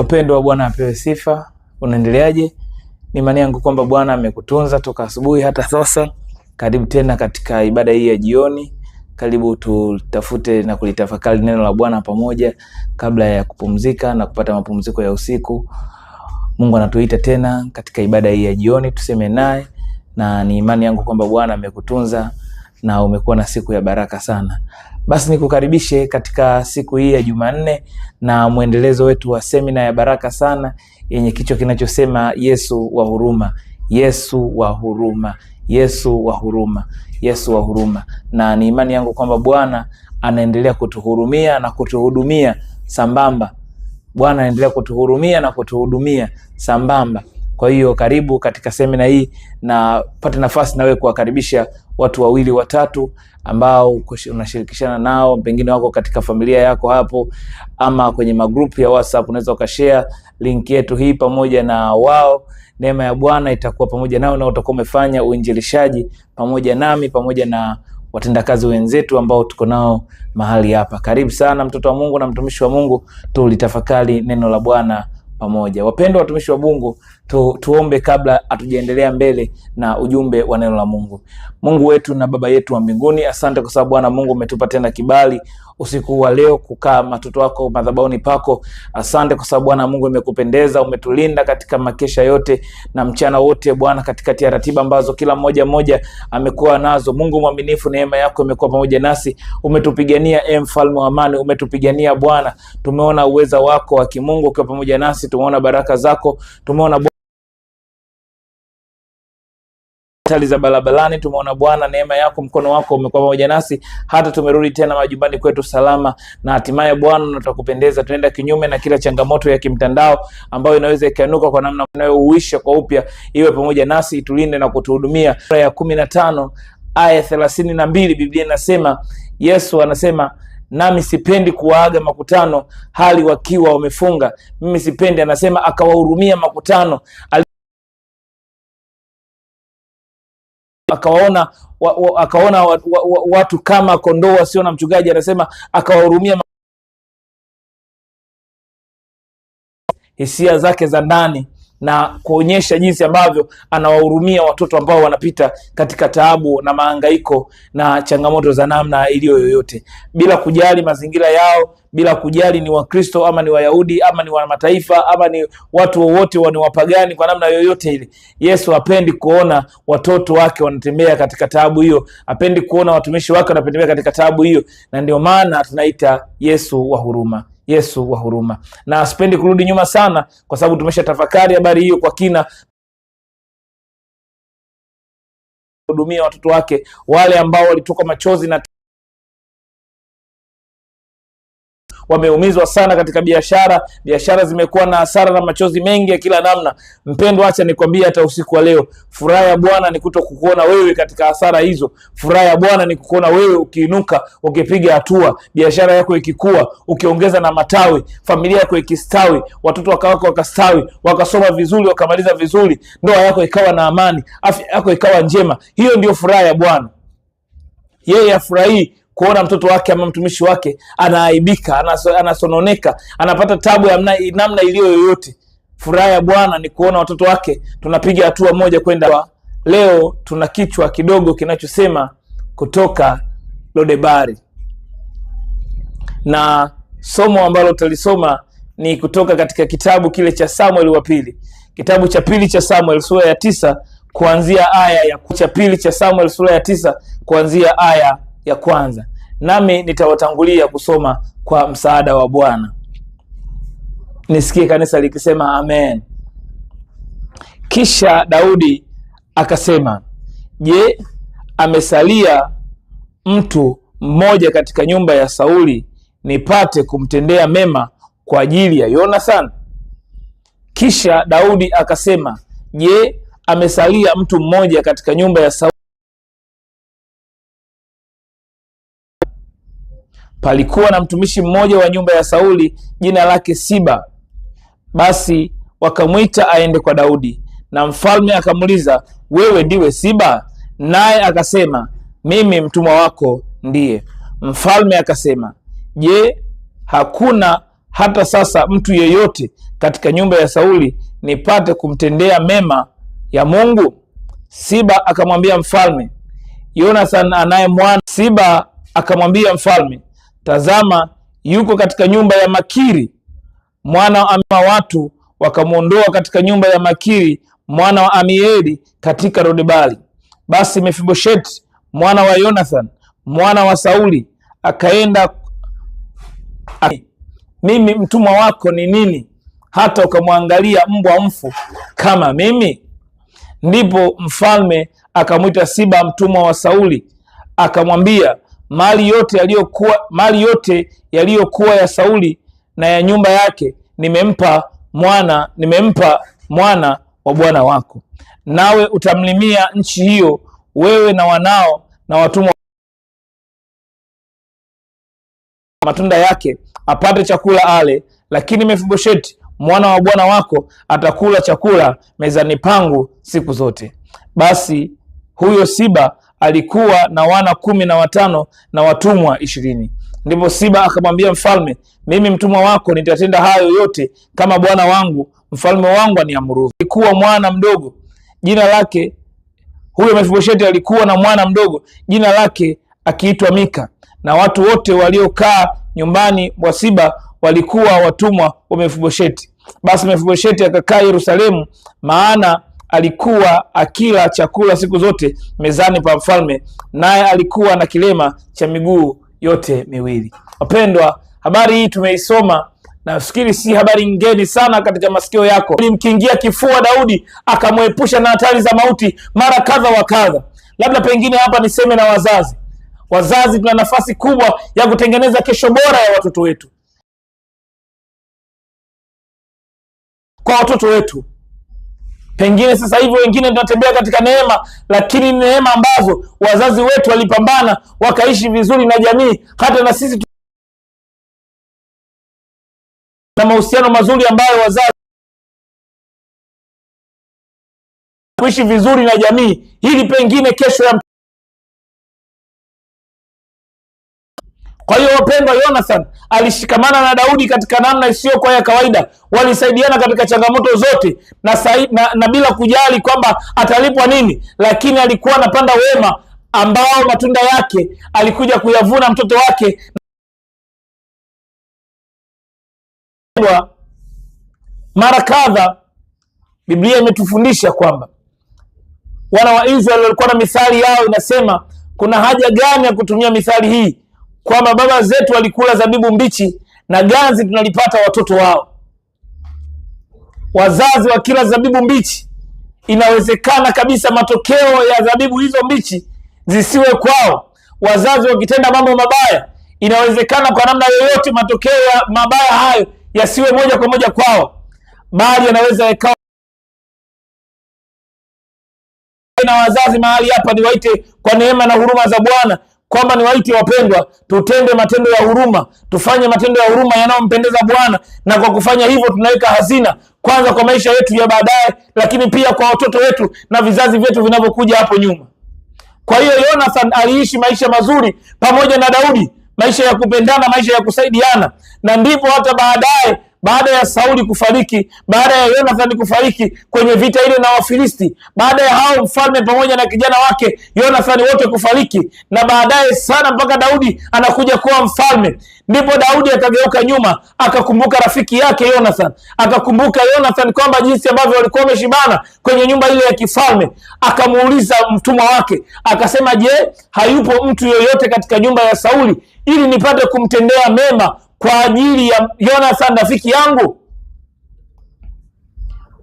Wapendwa wa Bwana apewe sifa. Unaendeleaje? Ni imani yangu kwamba Bwana amekutunza toka asubuhi hata sasa. Karibu tena katika ibada hii ya jioni. Karibu tutafute na kulitafakari neno la Bwana pamoja kabla ya kupumzika na kupata mapumziko ya usiku. Mungu anatuita tena katika ibada hii ya jioni tuseme naye, na ni imani yangu kwamba Bwana amekutunza na umekuwa na siku ya baraka sana. Basi nikukaribishe katika siku hii ya Jumanne na mwendelezo wetu wa semina ya baraka sana yenye kichwa kinachosema Yesu wa huruma, Yesu wa huruma, Yesu wa huruma, Yesu wa huruma. Na ni imani yangu kwamba Bwana anaendelea kutuhurumia na kutuhudumia sambamba. Bwana anaendelea kutuhurumia na kutuhudumia sambamba. Kwa hiyo karibu katika semina hii na pate nafasi nawe kuwakaribisha watu wawili watatu ambao unashirikishana nao, pengine wako katika familia yako hapo, ama kwenye magrupu ya WhatsApp unaweza ukashare link yetu hii pamoja na wao. Neema ya Bwana itakuwa pamoja nao na utakuwa umefanya uinjilishaji pamoja nami pamoja na watendakazi wenzetu ambao tuko nao mahali hapa. Karibu sana mtoto wa Mungu na mtumishi wa Mungu, tulitafakari neno la Bwana pamoja. Wapendwa watumishi wa Mungu, tu, tuombe kabla hatujaendelea mbele na ujumbe wa neno la Mungu. Mungu wetu na Baba yetu wa mbinguni, asante kwa sababu Bwana Mungu umetupa tena kibali usiku wa leo kukaa matoto wako madhabahuni pako. Asante kwa sababu Bwana Mungu imekupendeza, umetulinda katika makesha yote na mchana wote Bwana, katikati ya ratiba ambazo kila mmoja mmoja amekuwa nazo. Mungu mwaminifu, neema yako imekuwa pamoja nasi, umetupigania e mfalme wa amani, umetupigania Bwana. Tumeona uweza wako wa kimungu ukiwa pamoja nasi, tumeona baraka zako, tumeona hatari za barabarani. Tumeona Bwana neema yako, mkono wako umekuwa pamoja nasi hata tumerudi tena majumbani kwetu salama, na hatimaye Bwana natakupendeza. Tunaenda kinyume na kila changamoto ya kimtandao ambayo inaweza ikanuka kwa namna unayouisha kwa upya, iwe pamoja nasi, itulinde na kutuhudumia. ya kumi na tano aya thelathini na mbili Biblia inasema Yesu anasema nami sipendi kuwaaga makutano hali wakiwa wamefunga. Mimi sipendi, anasema akawahurumia makutano. akawaona wa, wa, akaona wa, wa, wa, watu kama kondoo wasio na mchungaji, anasema akawahurumia. Hisia zake za ndani na kuonyesha jinsi ambavyo anawahurumia watoto ambao wanapita katika taabu na maangaiko na changamoto za namna iliyo yoyote, bila kujali mazingira yao, bila kujali ni Wakristo ama ni Wayahudi ama ni wamataifa ama ni watu wowote wa ni wapagani. Kwa namna yoyote ile, Yesu hapendi kuona watoto wake wanatembea katika taabu hiyo, hapendi kuona watumishi wake wanatembea katika taabu hiyo, na ndio maana tunaita Yesu wa huruma. Yesu wa huruma. Na sipendi kurudi nyuma sana, kwa sababu tumesha tafakari habari hiyo kwa kina hudumia watoto wake wale ambao walitoka machozi na wameumizwa sana katika biashara. Biashara zimekuwa na hasara na machozi mengi ya kila namna. Mpendwa, acha nikwambie, hata usiku wa leo, furaha ya Bwana ni kuto kukuona wewe katika hasara hizo. Furaha ya Bwana ni kukuona wewe ukiinuka, ukipiga hatua, biashara yako ikikua, ukiongeza na matawi, familia yako ikistawi, watoto wakawako wakastawi, wakasoma vizuri, wakamaliza vizuri, ndoa yako ikawa na amani, afya yako ikawa njema. Hiyo ndio furaha ya Bwana. Yeye afurahii kuona mtoto wake ama mtumishi wake anaaibika, anasononeka, anapata tabu ya mna, namna iliyo yoyote. Furaha ya Bwana ni kuona watoto wake tunapiga hatua moja kwenda. Leo tuna kichwa kidogo kinachosema kutoka Lodebari, na somo ambalo tutalisoma ni kutoka katika kitabu kile cha Samuel wa pili, kitabu cha pili cha Samuel sura ya tisa kuanzia aya ya cha pili cha Samuel sura ya tisa kuanzia aya ya kwanza nami nitawatangulia kusoma kwa msaada wa Bwana. Nisikie kanisa likisema amen. Kisha Daudi akasema, je, amesalia mtu mmoja katika nyumba ya Sauli nipate kumtendea mema kwa ajili ya Yonathan? Kisha Daudi akasema, je, amesalia mtu mmoja katika nyumba ya Sauli Palikuwa na mtumishi mmoja wa nyumba ya Sauli, jina lake Siba. Basi wakamwita aende kwa Daudi, na mfalme akamuuliza, wewe ndiwe Siba? Naye akasema, mimi mtumwa wako ndiye. Mfalme akasema, je, hakuna hata sasa mtu yeyote katika nyumba ya Sauli nipate kumtendea mema ya Mungu? Siba akamwambia mfalme, Yonathan anaye mwana. Siba akamwambia mfalme Tazama, yuko katika nyumba ya Makiri mwana wa watu, wakamwondoa katika nyumba ya Makiri mwana wa Amieli katika Rodebali. Basi Mefibosheti mwana wa Yonathan mwana wa Sauli akaenda Mimi mtumwa wako ni nini hata ukamwangalia mbwa mfu kama mimi? Ndipo mfalme akamwita Siba mtumwa wa Sauli akamwambia, mali yote yaliyokuwa mali yote yaliyokuwa ya Sauli na ya nyumba yake nimempa mwana nimempa mwana wa bwana wako, nawe utamlimia nchi hiyo, wewe na wanao na watumwa matunda yake, apate chakula ale. Lakini Mefibosheti mwana wa bwana wako atakula chakula mezani pangu siku zote. Basi huyo Siba alikuwa na wana kumi na watano na watumwa ishirini. Ndipo Siba akamwambia mfalme, mimi mtumwa wako nitatenda hayo yote kama bwana wangu mfalme wangu aniamuru. Alikuwa mwana mdogo jina lake huyo Mefibosheti, alikuwa na mwana mdogo jina lake akiitwa Mika, na watu wote waliokaa nyumbani mwa Siba walikuwa watumwa wa Mefibosheti. Basi Mefibosheti akakaa Yerusalemu, maana alikuwa akila chakula siku zote mezani pa mfalme, naye alikuwa na kilema cha miguu yote miwili. Wapendwa, habari hii tumeisoma nafikiri si habari ngeni sana katika masikio yako. Alimkingia kifua Daudi, akamwepusha na hatari za mauti mara kadha wa kadha. Labda pengine hapa niseme na wazazi, wazazi tuna nafasi kubwa ya kutengeneza kesho bora ya watoto wetu, kwa watoto wetu Pengine sasa hivi wengine tunatembea katika neema, lakini neema ambazo wazazi wetu walipambana wakaishi vizuri na jamii, hata na sisi na mahusiano mazuri ambayo wazazi kuishi vizuri na jamii, hili pengine kesho ya Kwa hiyo wapendwa, Yonathan alishikamana na Daudi katika namna kwa ya kawaida, walisaidiana katika changamoto zote na, sahi, na, na bila kujali kwamba atalipwa nini, lakini alikuwa anapanda wema ambao matunda yake alikuja kuyavuna mtoto wake. Mara kadha Biblia imetufundisha kwamba wana wa Israeli walikuwa na mithali yao, inasema kuna haja gani ya kutumia mithali hii kwamba baba zetu walikula zabibu mbichi na ganzi tunalipata watoto wao. Wazazi wa kila zabibu mbichi, inawezekana kabisa matokeo ya zabibu hizo mbichi zisiwe kwao. Wazazi wakitenda mambo mabaya, inawezekana kwa namna yoyote matokeo ya mabaya hayo yasiwe moja kwa moja kwao, bali yanaweza yakawa na wazazi mahali hapa niwaite kwa neema na huruma za Bwana kwamba ni waiti wapendwa, tutende matendo ya huruma, tufanye matendo ya huruma yanayompendeza Bwana, na kwa kufanya hivyo tunaweka hazina kwanza kwa maisha yetu ya baadaye, lakini pia kwa watoto wetu na vizazi vyetu vinavyokuja hapo nyuma. Kwa hiyo Yonathan aliishi maisha mazuri pamoja na Daudi, maisha ya kupendana, maisha ya kusaidiana, na ndipo hata baadaye baada ya Sauli kufariki, baada ya Yonathani kufariki kwenye vita ile na Wafilisti, baada ya hao mfalme pamoja na kijana wake Yonathani wote kufariki, na baadaye sana mpaka Daudi anakuja kuwa mfalme, ndipo Daudi akageuka nyuma, akakumbuka rafiki yake Yonathani, akakumbuka Yonathani kwamba jinsi ambavyo walikuwa wameshibana kwenye nyumba ile ya kifalme. Akamuuliza mtumwa wake akasema, je, hayupo mtu yoyote katika nyumba ya Sauli ili nipate kumtendea mema kwa ajili ya Jonathan rafiki yangu.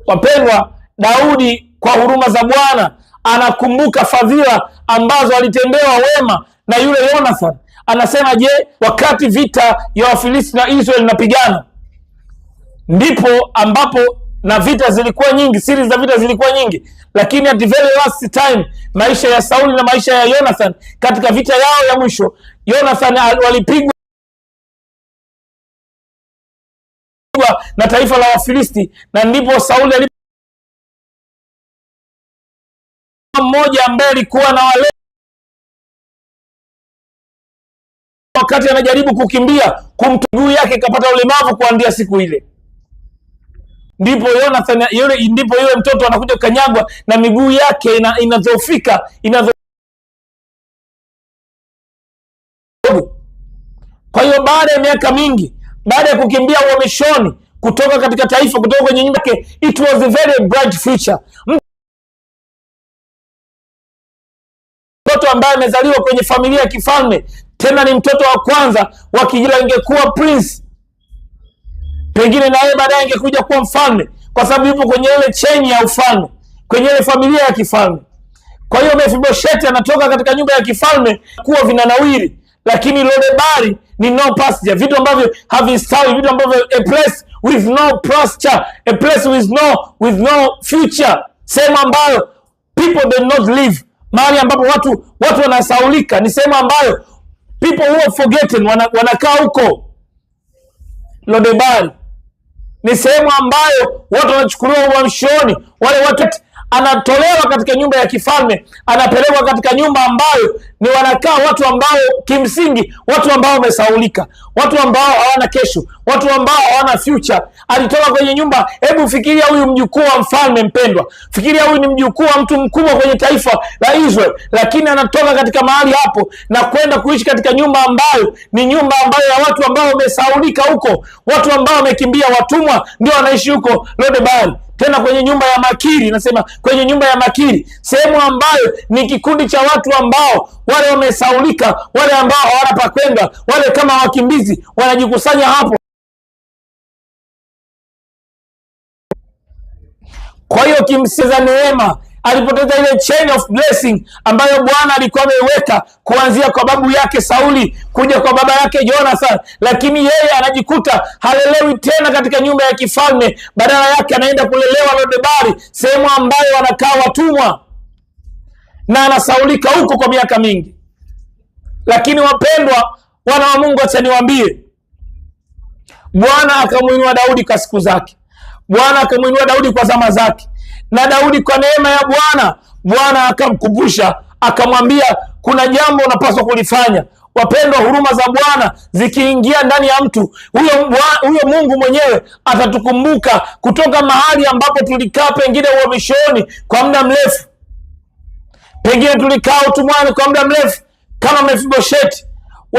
Wapendwa, Daudi kwa huruma za Bwana anakumbuka fadhila ambazo alitendewa wema na yule Jonathan. Anasema, je, wakati vita ya Wafilisti na Israeli inapigana, ndipo ambapo na vita zilikuwa nyingi, siri za vita zilikuwa nyingi, lakini at the very last time, maisha ya Sauli na maisha ya Jonathan katika vita yao ya mwisho, Jonathan walipigwa kuchukuliwa na taifa la Wafilisti, na ndipo Sauli alipo mmoja ambaye alikuwa na wale wakati anajaribu kukimbia kumtuguu yake ikapata ulemavu kuandia siku ile, ndipo Yonathan yule, ndipo yule mtoto anakuja kanyagwa na miguu yake inadhoofika, ina kwa hiyo baada ya miaka mingi baada ya kukimbia uhamishoni kutoka katika taifa kutoka kwenye nyumba yake. It was a very bright future. Mtoto ambaye amezaliwa kwenye familia ya kifalme, tena ni mtoto wa kwanza wa kijila, ingekuwa prince, pengine na yeye baadaye angekuja kuwa mfalme, kwa sababu yupo kwenye ile cheni ya ufalme, kwenye ile familia ya kifalme. Kwa hiyo Mefiboshethi anatoka katika nyumba ya kifalme kuwa vinanawiri lakini lodebari ni no pasture, vitu ambavyo havistawi, vitu ambavyo a place with no pasture, a place with no with no future, sehemu ambayo people do not live, mahali ambapo watu watu wanasaulika, ni sehemu ambayo people who forgotten wanakaa huko. Lodebari ni sehemu ambayo watu wanachukuliwa uhamshoni, wale watu anatolewa katika nyumba ya kifalme, anapelekwa katika nyumba ambayo ni wanakaa watu ambao kimsingi, watu ambao wamesaulika, watu ambao hawana kesho, watu ambao hawana future. Alitoka kwenye nyumba. Hebu fikiria, huyu mjukuu wa mfalme mpendwa, fikiria huyu ni mjukuu wa mtu mkubwa kwenye taifa la Israel, lakini anatoka katika mahali hapo na kwenda kuishi katika nyumba ambayo ni nyumba ambayo ya watu ambao wamesaulika huko, watu ambao wamekimbia watumwa, ndio wanaishi huko Lodebari tena kwenye nyumba ya makiri, nasema kwenye nyumba ya makiri, sehemu ambayo ni kikundi cha watu ambao wale wamesaulika, wale ambao hawana pa kwenda, wale kama wakimbizi wanajikusanya hapo. Kwa hiyo kimsiza neema alipoteza ile chain of blessing ambayo Bwana alikuwa ameiweka kuanzia kwa babu yake Sauli kuja kwa baba yake Jonathan, lakini yeye anajikuta halelewi tena katika nyumba ya kifalme, badala yake anaenda kulelewa Lodebari, sehemu ambayo wanakaa watumwa, na anasaulika huko kwa miaka mingi. Lakini wapendwa, wana wa Mungu, acha niwaambie, Bwana akamwinua Daudi kwa siku zake, Bwana akamwinua Daudi kwa zama zake na Daudi kwa neema ya Bwana, Bwana akamkumbusha akamwambia, kuna jambo unapaswa kulifanya. Wapendwa, huruma za Bwana zikiingia ndani ya mtu huyo, huyo Mungu mwenyewe atatukumbuka kutoka mahali ambapo tulikaa pengine uhamishoni kwa muda mrefu, pengine tulikaa utumwani kwa muda mrefu kama Mefibosheti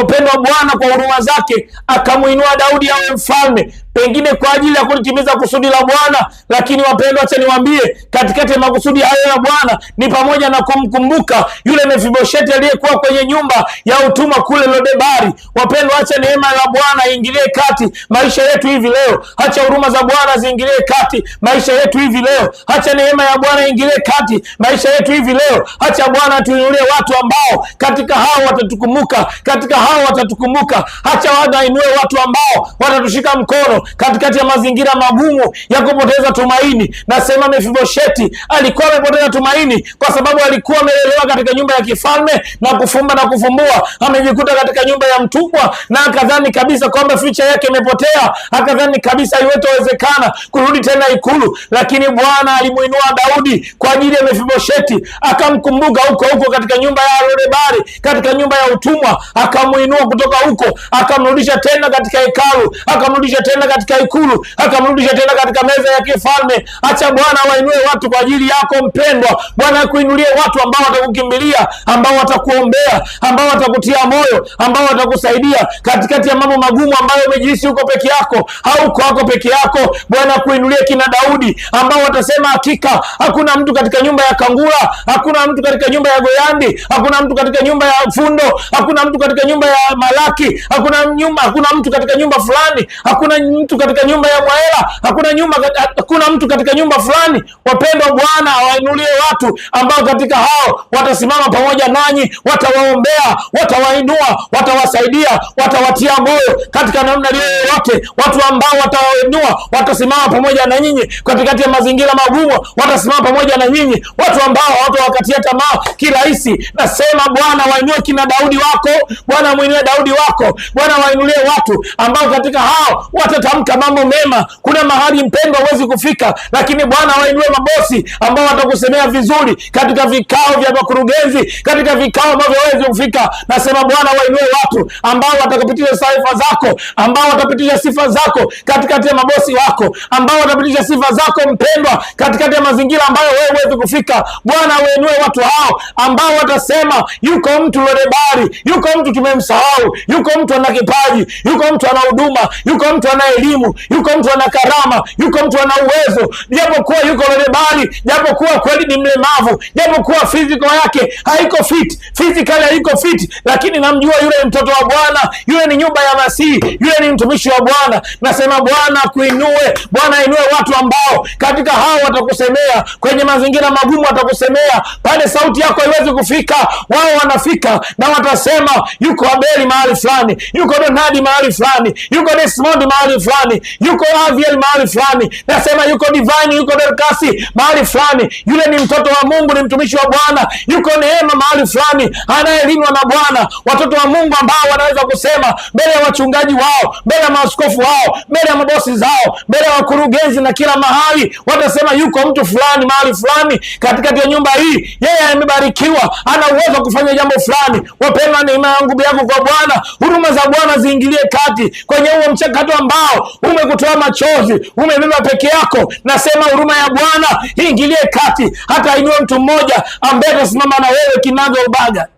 upendo wa Bwana kwa huruma zake akamwinua Daudi awe mfalme, pengine kwa ajili ya kulitimiza kusudi la Bwana. Lakini wapendwa, acha niwaambie, katikati ya makusudi hayo ya Bwana ni pamoja na kumkumbuka yule Mefibosheti aliyekuwa kwenye nyumba ya utumwa kule Lodebari. Wapendwa, acha neema ya Bwana iingilie kati maisha yetu hivi leo, acha huruma za Bwana ziingilie kati maisha yetu hivi leo, acha neema ya Bwana iingilie kati maisha yetu hivi leo, acha Bwana tuinulie watu ambao katika hao watatukumbuka katika hao watatukumbuka. Hacha wadainue watu ambao watatushika mkono katikati ya mazingira magumu ya kupoteza tumaini. Nasema Mefibosheti alikuwa amepoteza tumaini kwa sababu alikuwa amelelewa katika nyumba ya kifalme na kufumba na kufumbua, amejikuta katika nyumba ya mtumwa na akadhani kabisa kwamba ficha yake imepotea, akadhani kabisa haiwezekana kurudi tena ikulu, lakini Bwana alimuinua Daudi kwa ajili ya Mefibosheti, akamkumbuka huko huko katika nyumba ya Aronebari, katika nyumba ya utumwa aka akamwinua kutoka huko, akamrudisha tena katika hekalu, akamrudisha tena katika ikulu, akamrudisha tena katika meza ya kifalme. Acha Bwana wainue watu kwa ajili yako mpendwa. Bwana akuinulie watu ambao watakukimbilia, ambao watakuombea, ambao watakutia moyo, ambao watakusaidia katikati ya mambo magumu ambayo umejihisi uko peke yako, hauko wako peke yako. Bwana akuinulie kina Daudi ambao watasema hakika hakuna mtu katika nyumba ya Kangula, hakuna mtu katika nyumba ya Goyandi, hakuna mtu katika nyumba ya Fundo, hakuna mtu katika nyumba nyumba ya Malaki, hakuna nyumba, hakuna mtu katika nyumba fulani, hakuna mtu katika nyumba ya Mwaela, hakuna nyumba, hakuna mtu katika nyumba fulani. Wapendwa, Bwana awainulie watu ambao katika hao watasimama pamoja nanyi, watawaombea, watawainua, watawasaidia, watawatia moyo katika namna yoyote, watu ambao watawainua, watasimama pamoja na nyinyi katikati ya mazingira magumu, watasimama pamoja na nyinyi, watu ambao hawatawakatia tamaa kirahisi. Nasema Bwana wainue kina Daudi wako Bwana Bwana mwinue Daudi wako, Bwana wainulie watu ambao katika hao watatamka mambo mema. Kuna mahali mpendwa, huwezi kufika, lakini Bwana wainue mabosi ambao watakusemea vizuri katika vikao vya makurugenzi, katika vikao ambavyo huwezi kufika. Nasema Bwana wainue watu ambao watakupitisha sifa zako, ambao watapitisha sifa zako katikati ya mabosi wako, ambao watapitisha sifa zako mpendwa, katikati ya mazingira ambayo wewe huwezi kufika. Bwana wainue watu hao ambao watasema yuko mtu Lodebari, yuko mtu tume msahau. Yuko mtu ana kipaji, yuko mtu ana huduma, yuko mtu ana elimu, yuko mtu ana karama, yuko mtu ana uwezo, japokuwa yuko lebali, japokuwa kweli ni mlemavu, japokuwa physical yake haiko fit, physically haiko fit, lakini namjua yule ni mtoto wa Bwana, yule ni nyumba ya Masihi, yule ni mtumishi wa Bwana. Nasema Bwana kuinue, Bwana ainue watu ambao katika hao watakusemea kwenye mazingira magumu, watakusemea pale sauti yako haiwezi kufika, wao wanafika na watasema yuko Abeli mahali fulani, yuko Donadi mahali fulani, yuko Desmond mahali fulani, yuko Aviel mahali fulani, nasema yuko Divine, yuko Delkasi mahali fulani. Yule ni mtoto wa Mungu, ni mtumishi wa Bwana, yuko Neema mahali fulani, anayelindwa na Bwana. Watoto wa Mungu ambao wanaweza kusema mbele ya wachungaji wao, mbele ya maaskofu wao, mbele ya mabosi zao, mbele ya wakurugenzi na kila mahali, watasema yuko mtu fulani mahali fulani katikati ya nyumba hii, yeye amebarikiwa, ana uwezo wa kufanya jambo fulani. Wapendwa, neema yangu kutoka kwa Bwana, huruma za Bwana ziingilie kati kwenye huo mchakato ambao umekutoa machozi, umebeba peke yako. Nasema huruma ya Bwana iingilie kati, hata inue mtu mmoja ambaye atasimama na wewe kinaga ubaga.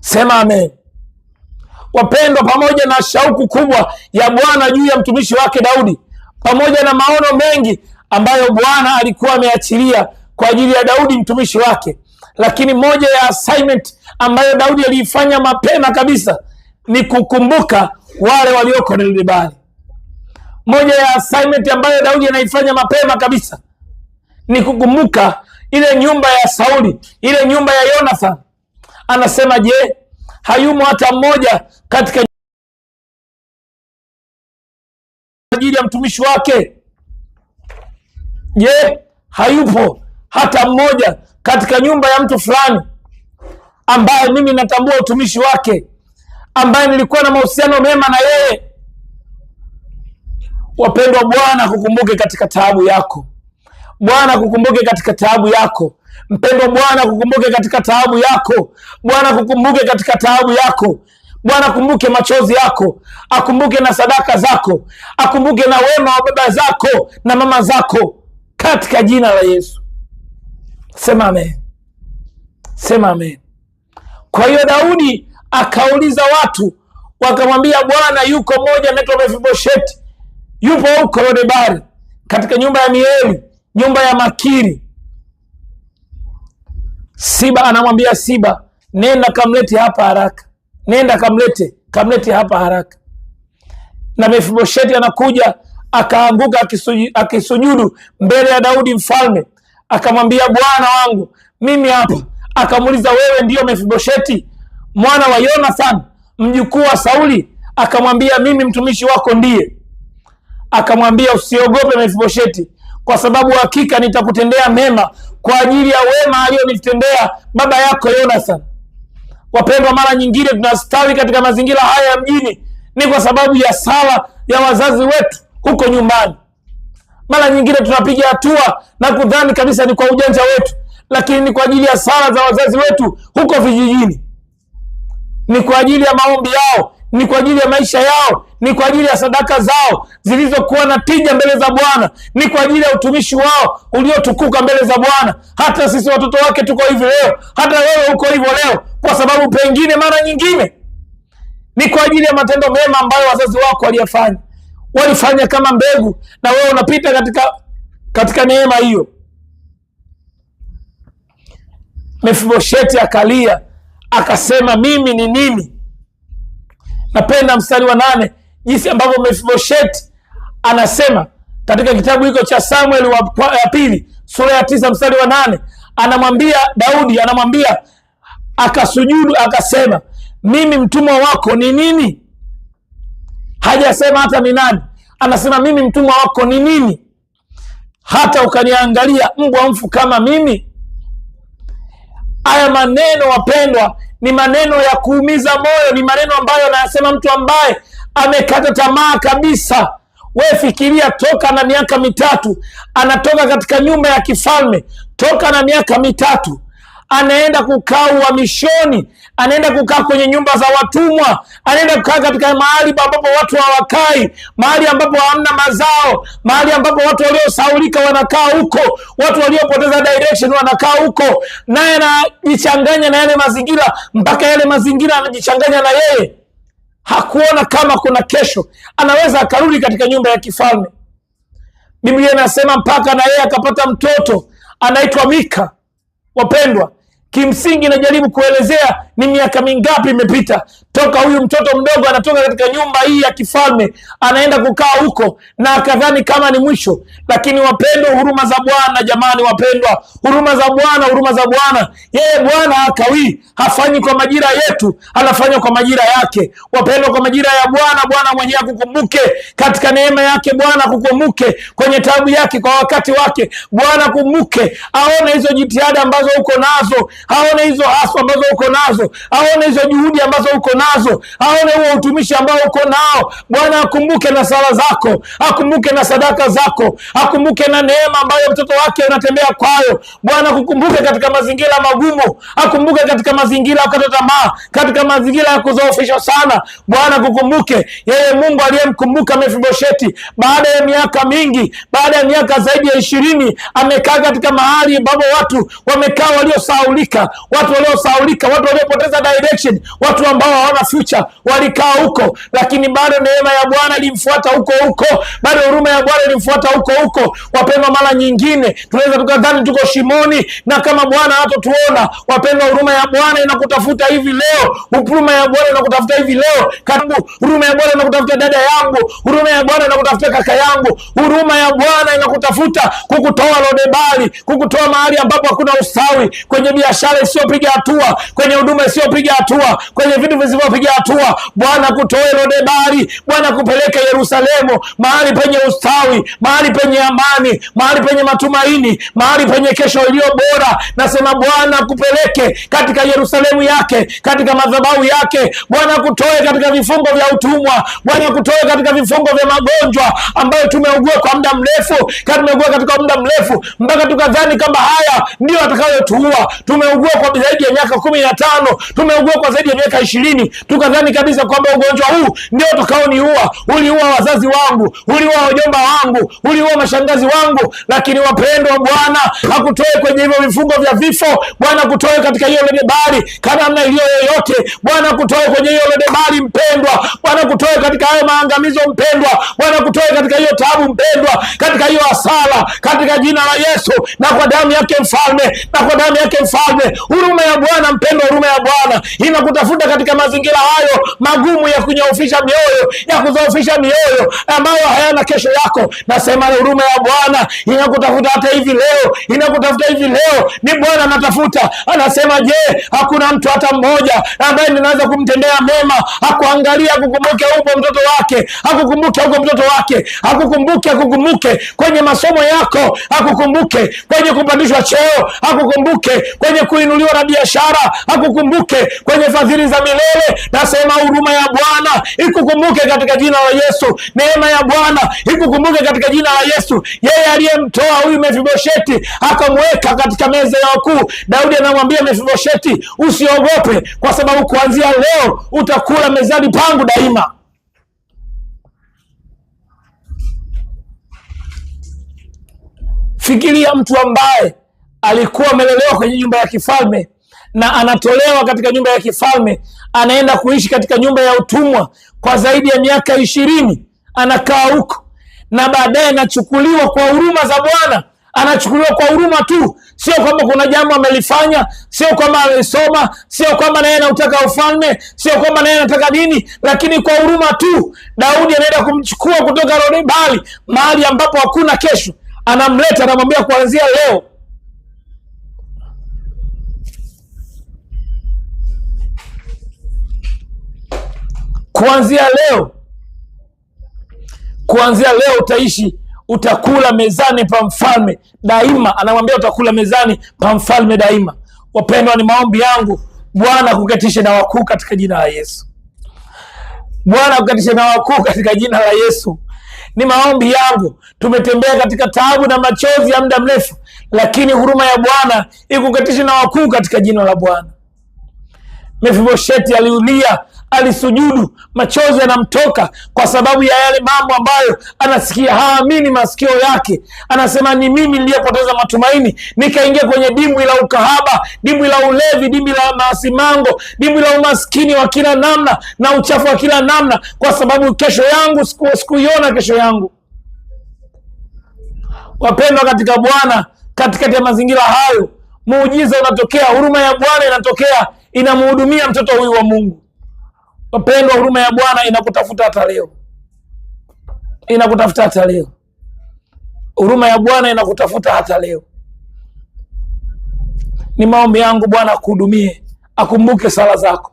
Sema amen. Wapendwa, pamoja na shauku kubwa ya Bwana juu ya mtumishi wake Daudi, pamoja na maono mengi ambayo Bwana alikuwa ameachilia kwa ajili ya Daudi mtumishi wake, lakini moja ya assignment ambayo Daudi aliifanya mapema kabisa ni kukumbuka wale walioko na Moja ya assignment ambayo Daudi anaifanya mapema kabisa ni kukumbuka ile nyumba ya Sauli, ile nyumba ya yonathan Anasema, je, hayumo hata mmoja katika ajili ya mtumishi wake? Je, hayupo hata mmoja katika nyumba ya mtu fulani ambaye mimi natambua utumishi wake, ambaye nilikuwa na mahusiano mema na yeye. Wapendwa, Bwana kukumbuke katika taabu yako. Bwana kukumbuke katika taabu yako. Mpendwa, Bwana kukumbuke katika taabu yako. Bwana kukumbuke katika taabu yako. Bwana akumbuke machozi yako, akumbuke na sadaka zako, akumbuke na wema wa baba zako na mama zako, katika jina la Yesu. Sema amen, sema amen. Kwa hiyo Daudi akauliza watu, wakamwambia Bwana yuko mmoja anaitwa Mefibosheti, yupo huko Lodebari, katika nyumba ya Mieli, nyumba ya Makiri. Siba anamwambia Siba, nenda kamlete hapa haraka, nenda kamlete, kamlete hapa haraka. Na Mefibosheti anakuja akaanguka akisujudu mbele ya Daudi mfalme akamwambia bwana wangu mimi hapa. Akamuuliza, wewe ndio Mefibosheti mwana wa Yonathan mjukuu wa Sauli? Akamwambia, mimi mtumishi wako ndiye. Akamwambia, usiogope Mefibosheti, kwa sababu hakika nitakutendea mema kwa ajili ya wema aliyonitendea baba yako Yonathan. Wapendwa, mara nyingine tunastawi katika mazingira haya ya mjini ni kwa sababu ya sala ya wazazi wetu huko nyumbani. Mara nyingine tunapiga hatua na kudhani kabisa ni kwa ujanja wetu, lakini ni kwa ajili ya sala za wazazi wetu huko vijijini, ni kwa ajili ya maombi yao, ni kwa ajili ya maisha yao, ni kwa ajili ya sadaka zao zilizokuwa na tija mbele za Bwana, ni kwa ajili ya utumishi wao uliotukuka mbele za Bwana. Hata sisi watoto wake tuko hivi leo, hata wewe uko hivyo leo, kwa sababu pengine mara nyingine ni kwa ajili ya matendo mema ambayo wazazi wako waliyafanya walifanya kama mbegu, na wewe unapita katika katika neema hiyo. Mefibosheti akalia akasema, mimi ni nini? Napenda mstari wa nane jinsi ambavyo Mefibosheti anasema katika kitabu hiko cha Samuel wa pili sura ya tisa mstari wa nane anamwambia Daudi, anamwambia akasujudu, akasema mimi mtumwa wako ni nini? hajasema hata ni nani, anasema mimi mtumwa wako ni nini, hata ukaniangalia mbwa mfu kama mimi? Haya maneno wapendwa, ni maneno ya kuumiza moyo, ni maneno ambayo anayasema mtu ambaye amekata tamaa kabisa. We fikiria, toka na miaka mitatu anatoka katika nyumba ya kifalme, toka na miaka mitatu anaenda kukaa uhamishoni, anaenda kukaa kwenye nyumba za watumwa, anaenda kukaa katika mahali ambapo watu hawakai, mahali ambapo hamna mazao, mahali ambapo watu waliosaulika wanakaa huko, watu waliopoteza direction wanakaa huko, naye anajichanganya na yale mazingira, mpaka yale mazingira anajichanganya na yeye. Hakuona kama kuna kesho, anaweza akarudi katika nyumba ya kifalme. Biblia inasema mpaka na yeye akapata mtoto anaitwa Mika. Wapendwa, kimsingi najaribu kuelezea ni miaka mingapi imepita toka huyu mtoto mdogo anatoka katika nyumba hii ya kifalme anaenda kukaa huko na akadhani kama ni mwisho. Lakini wapendwa, huruma za Bwana jamani, wapendwa, huruma za Bwana, huruma za Bwana. Yeye Bwana hakawii, hafanyi kwa majira yetu, anafanya kwa majira yake. Wapendwa, kwa majira ya Bwana, Bwana mwenyewe akukumbuke katika neema yake. Bwana akukumbuke kwenye tabu yake, kwa wakati wake. Bwana kumbuke, aone hizo jitihada ambazo uko nazo, aone hizo haswa ambazo uko nazo aone hizo juhudi ambazo uko nazo, aone huo utumishi ambao uko nao. Bwana akumbuke na sala zako, akumbuke na sadaka zako, akumbuke na neema ambayo mtoto wake unatembea kwayo. Bwana kukumbuke katika mazingira magumu, akumbuke katika mazingira ya kukata tamaa, katika mazingira ya kuzoofishwa sana. Bwana kukumbuke yeye, Mungu aliyemkumbuka Mefibosheti baada ya miaka mingi, baada ya miaka zaidi ya ishirini amekaa katika mahali ambapo watu wamekaa waliosahaulika, watu waliosahaulika, watu walio walipoteza direction, watu ambao hawana future walikaa huko, lakini bado neema ya Bwana ilimfuata huko huko, bado huruma ya Bwana ilimfuata huko huko. Wapendwa, mara nyingine tunaweza tukadhani tuko shimoni na kama Bwana hatotuona. Wapendwa, huruma ya Bwana inakutafuta hivi leo, huruma ya Bwana inakutafuta hivi leo, karibu huruma ya Bwana inakutafuta dada yangu, huruma ya Bwana inakutafuta kaka yangu, huruma ya Bwana inakutafuta kukutoa lodebali, kukutoa mahali ambapo hakuna ustawi, kwenye biashara isiyopiga hatua, kwenye huduma yasiyopiga hatua kwenye vitu visivyopiga hatua, Bwana kutoe Lodebari, Bwana kupeleka Yerusalemu mahali penye ustawi, mahali penye amani, mahali penye matumaini, mahali penye kesho iliyo bora. Nasema Bwana kupeleke katika Yerusalemu yake, katika madhabahu yake, Bwana kutoe katika vifungo vya utumwa, Bwana kutoe katika vifungo vya magonjwa ambayo tumeugua kwa muda mrefu, tumeugua katika muda mrefu mpaka tukadhani kwamba haya ndio atakayotuua. Tumeugua kwa zaidi ya miaka kumi na tano tumeugua kwa zaidi ya miaka ishirini, tukadhani kabisa kwamba ugonjwa huu ndio tukaoniua Uliua wazazi wangu, uliua wajomba wangu, uliua mashangazi wangu, lakini wapendwa, Bwana akutoe kwenye hivyo vifungo vya vifo. Bwana kutoe katika hiyo lodebari kanamna iliyo yoyote. Bwana akutoe kwenye hiyo lodebari, mpendwa. Bwana akutoe katika hayo maangamizo, mpendwa. Bwana kutoe katika hiyo taabu, mpendwa, katika hiyo hasara, katika jina la Yesu na kwa damu yake mfalme, na kwa damu yake mfalme, huruma ya Bwana mpendwa, huruma ya Bwana inakutafuta katika mazingira hayo magumu ya kunyaofisha mioyo ya kudhoofisha mioyo ambayo hayana kesho yako. Nasema huruma ya Bwana inakutafuta hata hivi leo, inakutafuta hivi leo. Ni Bwana anatafuta, anasema, je, hakuna mtu hata mmoja ambaye ninaweza kumtendea mema? Akuangalia hakukumbuke upo mtoto wake, akukumbuke huko mtoto wake, akukumbuke akukumbuke kwenye masomo yako, akukumbuke kwenye kupandishwa cheo, akukumbuke kwenye kuinuliwa na biashara, akukumbuke ikukumbuke kwenye fadhili za milele. Nasema huruma ya Bwana ikukumbuke katika jina la Yesu, neema ya Bwana ikukumbuke katika jina la Yesu. Yeye aliyemtoa huyu Mefibosheti akamweka katika meza ya wakuu, Daudi anamwambia Mefibosheti, usiogope, kwa sababu kuanzia leo utakula mezani pangu daima. Fikiria mtu ambaye alikuwa amelelewa kwenye nyumba ya kifalme na anatolewa katika nyumba ya kifalme, anaenda kuishi katika nyumba ya utumwa kwa zaidi ya miaka ishirini. Anakaa huko na baadaye anachukuliwa kwa huruma za Bwana. Anachukuliwa kwa huruma tu, sio kwamba kuna jambo amelifanya, sio kwamba amesoma, sio kwamba naye anautaka ufalme, sio kwamba naye anataka dini lakini kwa huruma tu. Daudi anaenda kumchukua kutoka rodebali mahali ambapo hakuna kesho, anamleta anamwambia, kuanzia leo Kuanzia leo, kuanzia leo utaishi, utakula mezani pa mfalme daima. Anamwambia utakula mezani pa mfalme daima. Wapendwa, ni maombi yangu Bwana kukatishe na wakuu katika jina la Yesu. Bwana kukatishe na wakuu katika jina la Yesu. Ni maombi yangu. Tumetembea katika taabu na machozi ya muda mrefu, lakini huruma ya Bwana ikukatishe na wakuu katika jina la Bwana. Mefibosheti aliulia alisujudu, machozi yanamtoka kwa sababu ya yale mambo ambayo anasikia, haamini masikio yake. Anasema, ni mimi niliyepoteza matumaini, nikaingia kwenye dimbwi la ukahaba, dimbwi la ulevi, dimbwi la masimango dimbwi la umaskini wa kila namna na uchafu wa kila namna, kwa sababu kesho yangu sikuiona kesho yangu. Wapendwa katika Bwana, katikati ya mazingira hayo muujiza unatokea, huruma ya Bwana inatokea, inamhudumia mtoto huyu wa Mungu. Wapendwa, huruma ya Bwana inakutafuta hata leo, inakutafuta hata leo. Huruma ya Bwana inakutafuta hata leo. Ni maombi yangu Bwana akuhudumie, akumbuke sala zako,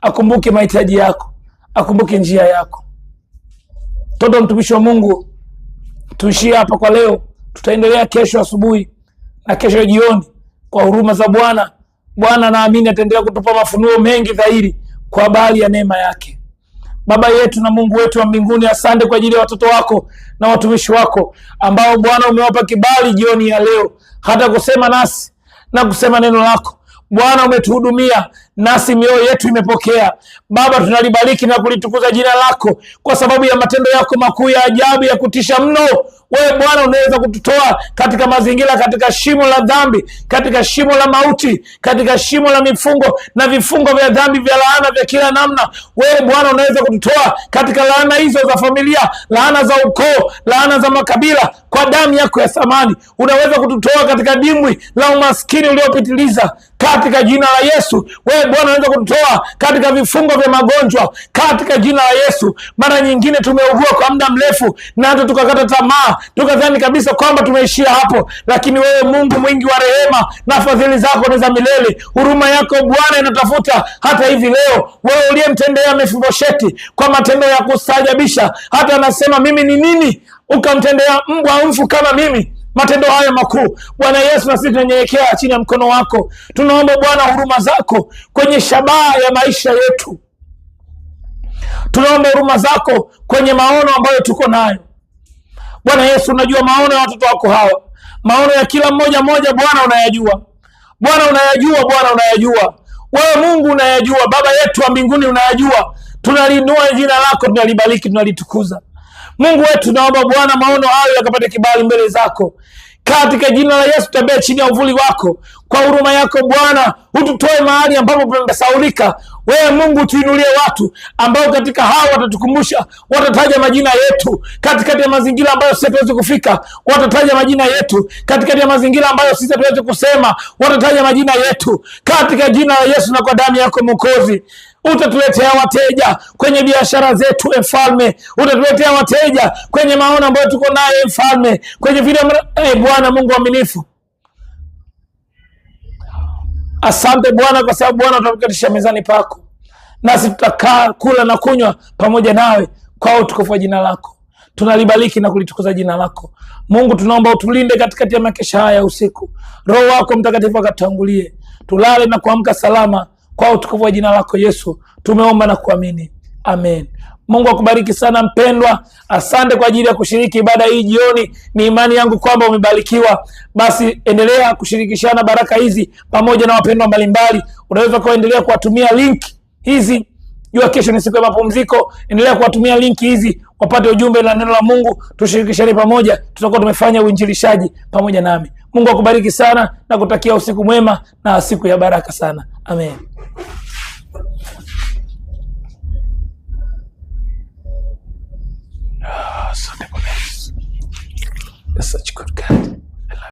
akumbuke mahitaji yako, akumbuke njia yako. Toto mtumishi wa Mungu, tuishie hapa kwa leo. Tutaendelea kesho asubuhi na kesho jioni, kwa huruma za Bwana. Bwana naamini ataendelea kutupa mafunuo mengi dhahiri kwa habari ya neema yake. Baba yetu na Mungu wetu wa mbinguni, asante kwa ajili ya watoto wako na watumishi wako ambao Bwana umewapa kibali jioni ya leo hata kusema nasi na kusema neno lako. Bwana umetuhudumia, nasi mioyo yetu imepokea. Baba, tunalibariki na kulitukuza jina lako kwa sababu ya matendo yako makuu ya ajabu ya kutisha mno. Wewe Bwana unaweza kututoa katika mazingira, katika shimo la dhambi, katika shimo la mauti, katika shimo la mifungo na vifungo vya dhambi, vya laana, vya kila namna. Wewe Bwana unaweza kututoa katika laana hizo za familia, laana za ukoo, laana za makabila. Kwa damu yako ya thamani unaweza kututoa katika dimbwi la umaskini uliopitiliza katika jina la Yesu. Wewe Bwana unaweza kututoa katika vifungo vya magonjwa katika jina la Yesu. Mara nyingine tumeugua kwa muda mrefu, na hata tukakata tamaa, tukadhani kabisa kwamba tumeishia hapo, lakini wewe Mungu mwingi wa rehema na fadhili zako ni za milele. Huruma yako Bwana inatafuta hata hivi leo. Wewe uliyemtendea Mefibosheti kwa matendo ya kusajabisha, hata anasema mimi ni nini ukamtendea mbwa mfu kama mimi? matendo haya makuu. Bwana Yesu, na sisi tunanyenyekea chini ya mkono wako, tunaomba Bwana huruma zako kwenye shabaha ya maisha yetu, tunaomba huruma zako kwenye maono ambayo tuko nayo. Bwana Yesu, unajua maono ya watoto wako hawa, maono ya kila mmoja mmoja, Bwana unayajua, Bwana unayajua, Bwana unayajua, wewe Mungu unayajua, Baba yetu wa mbinguni unayajua. Tunalinua jina lako, tunalibariki, tunalitukuza Mungu wetu, naomba Bwana maono hayo yakapate kibali mbele zako. Katika jina la Yesu tutembee chini ya uvuli wako. Kwa huruma yako Bwana, hututoe mahali ambapo pamesaulika, wewe Mungu tuinulie watu ambao katika hao watatukumbusha, watataja majina yetu katikati ya mazingira ambayo sisi hatuwezi kufika, watataja majina yetu katikati ya mazingira ambayo sisi hatuwezi kusema, watataja majina yetu katika jina la Yesu na kwa damu yako Mwokozi utatuletea wateja kwenye biashara zetu, e Mfalme. Utatuletea wateja kwenye maono ambayo tuko naye, Mfalme, kwenye vile. E Bwana Mungu mwaminifu Asante Bwana kwa sababu Bwana utatuketisha mezani pako, nasi tutakaa kula na kunywa pamoja nawe kwa utukufu wa jina lako. Tunalibariki na kulitukuza jina lako Mungu. Tunaomba utulinde katikati ya makesha haya ya usiku, Roho wako Mtakatifu akatangulie tulale na kuamka salama kwa utukufu wa jina lako Yesu. Tumeomba na kuamini, amen. Mungu akubariki sana mpendwa, asante kwa ajili ya kushiriki ibada hii jioni. Ni imani yangu kwamba umebarikiwa. Basi endelea kushirikishana baraka hizi pamoja na wapendwa mbalimbali. Unaweza kuendelea kuwatumia link hizi, jua kesho ni siku ya mapumziko. Endelea kuwatumia link hizi wapate ujumbe na neno la Mungu, tushirikishane pamoja, tutakuwa tumefanya uinjilishaji pamoja nami. Mungu akubariki sana na kutakia usiku mwema na siku ya baraka sana, amen. us on You're such a good guy.